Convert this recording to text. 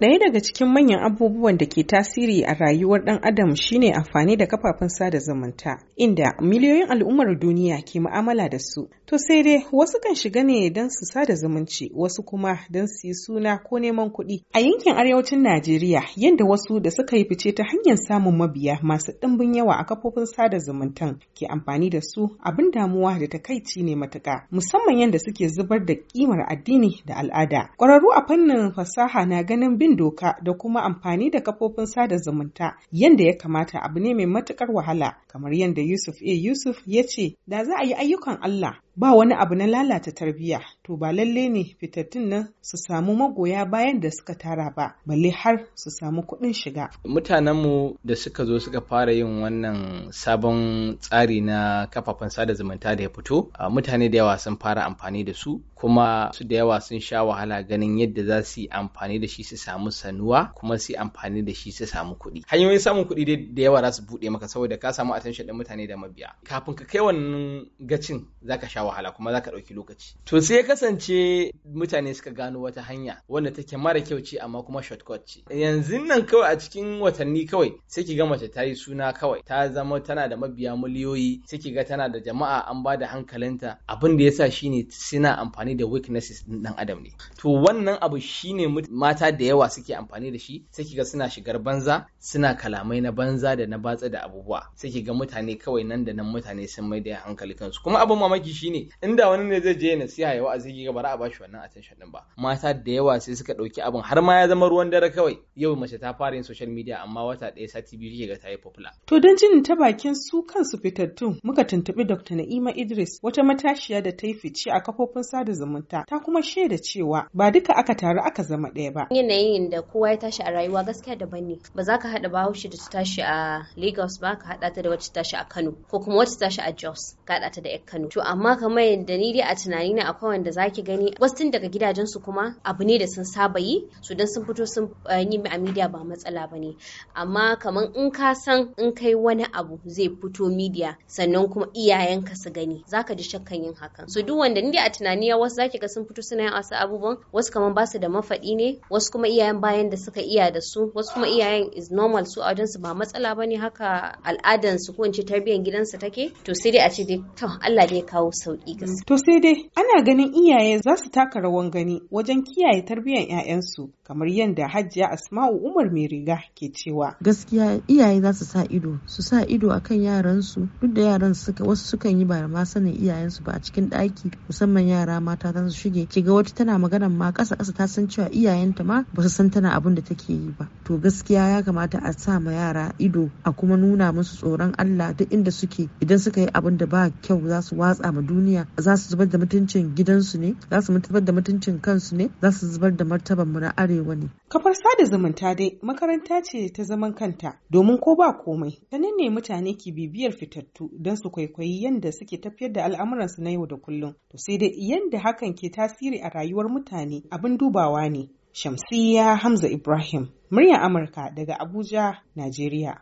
Ɗaya daga cikin manyan abubuwan da ke tasiri a rayuwar ɗan adam shine amfani da kafafen sada zumunta, inda miliyoyin al'ummar duniya ke mu'amala da su. To sai dai wasu kan shiga ne don su sada zumunci, wasu kuma don su yi suna ko neman kuɗi. A yankin arewacin Najeriya, yadda wasu da suka yi fice ta hanyar samun mabiya masu ɗimbin yawa a kafofin sada zumuntan ke amfani da su abin damuwa da takaici ne matuƙa, musamman yadda suke zubar da ƙimar addini da al'ada. Ƙwararru a fannin fasaha na ganin bin bin doka da kuma amfani da kafofin sada zumunta yadda ya kamata abu ne mai matukar wahala kamar yadda Yusuf A Yusuf ya ce da za a yi ayyukan Allah ba wani abu na lalata tarbiyya to ba lalle ne fitattun nan su samu magoya bayan da suka tara ba balle har su samu kuɗin shiga mutanenmu da suka zo suka fara yin wannan sabon tsari na kafafen sada zumunta da ya fito mutane da yawa sun fara amfani da su kuma su da yawa sun sha wahala ganin yadda za su yi amfani da shi su samu sanuwa kuma su yi amfani da shi su samu kuɗi hanyoyin samun kuɗi da yawa za su buɗe maka saboda ka samu attention ɗin mutane da mabiya kafin ka kai wannan gacin zaka sha wahala kuma za ka ɗauki lokaci. To sai ya kasance mutane suka gano wata hanya wanda take mara kyau ce amma kuma shortcut ce. Yanzu nan kawai a cikin watanni kawai sai ki ga mace ta yi suna kawai ta zama tana da mabiya miliyoyi sai ki ga tana da jama'a an ba da hankalinta abin da ya sa shi ne suna amfani da weaknesses ɗin ɗan adam ne. To wannan abu shi ne mata da yawa suke amfani da shi sai ki ga suna shigar banza suna kalamai na banza da na batsa da abubuwa sai ki ga mutane kawai nan da nan mutane sun mai da hankali kansu kuma abin mamaki shine ne inda wani ne zai je nasiha ya wa'azi ga ba za a bashi wannan attention din ba mata da yawa sai suka dauki abin har ma ya zama ruwan dare kawai yau mace ta fara yin social media amma wata ɗaya sati biyu ga ta yi popular to don jin ta bakin su kansu fitattun muka tuntubi Dr. Na'ima Idris wata matashiya da ta yi fice a kafofin sada zumunta ta kuma shaida cewa ba duka aka taru aka zama ɗaya ba yanayin da kowa ya tashi a rayuwa gaskiya daban ne ba za ka haɗa bahaushe da ta tashi a Lagos ba ka haɗa ta da wacce tashi a Kano ko kuma wacce tashi a Jos ka haɗa ta da 'yan Kano to amma kamar yadda ni dai a tunani na akwai wanda zaki gani wasu tun daga gidajen su kuma abu ne da sun saba yi su dan sun fito sun eh, yi a media ba matsala bane amma kamar in ka san in kai wani abu zai fito media sannan kuma iyayenka su gani zaka ji shakkan yin hakan Su duk wanda ni dai a tunani ya wasu zaki ga sun fito suna yin wasu abubuwan wasu kamar ba su da mafaɗi ne wasu kuma iyayen bayan da suka iya da su wasu kuma iyayen is normal su a su ba matsala bane haka al'adansu ko in ce tarbiyyar gidansu take to sai dai a ce dai to Allah dai kawo su sauki mm. gaske. To sai dai ana ganin iyaye za su taka rawan gani wajen kiyaye tarbiyyar 'ya'yansu kamar yadda Hajiya Asma'u Umar mai riga ke cewa. Gaskiya iyaye za su sa ido, su sa ido akan yaransu duk da yaran suka wasu sukan yi ba ma sanin iyayensu ba a cikin ɗaki musamman yara mata za su shige. ga wata tana maganan ma kasa kasa ta san cewa iyayenta ma ba su san tana abin da take yi ba. To gaskiya ya kamata a sa ma yara ido a kuma nuna musu tsoron Allah duk inda suke idan suka yi abin da ba kyau za su watsa ma duniya za su zubar da mutuncin gidansu ne za su zubar da mutuncin kansu ne za su zubar da martaban mu na are ɗorewa ne. Kafar sada zumunta dai makaranta ce ta zaman kanta domin ko ba komai ta mutane ke bibiyar fitattu don su kwaikwayi yadda suke tafiyar da al'amuransu na yau da kullum. To sai dai yadda hakan ke tasiri a rayuwar mutane abin dubawa ne. Shamsiyya Hamza Ibrahim, murya Amurka daga Abuja, Najeriya.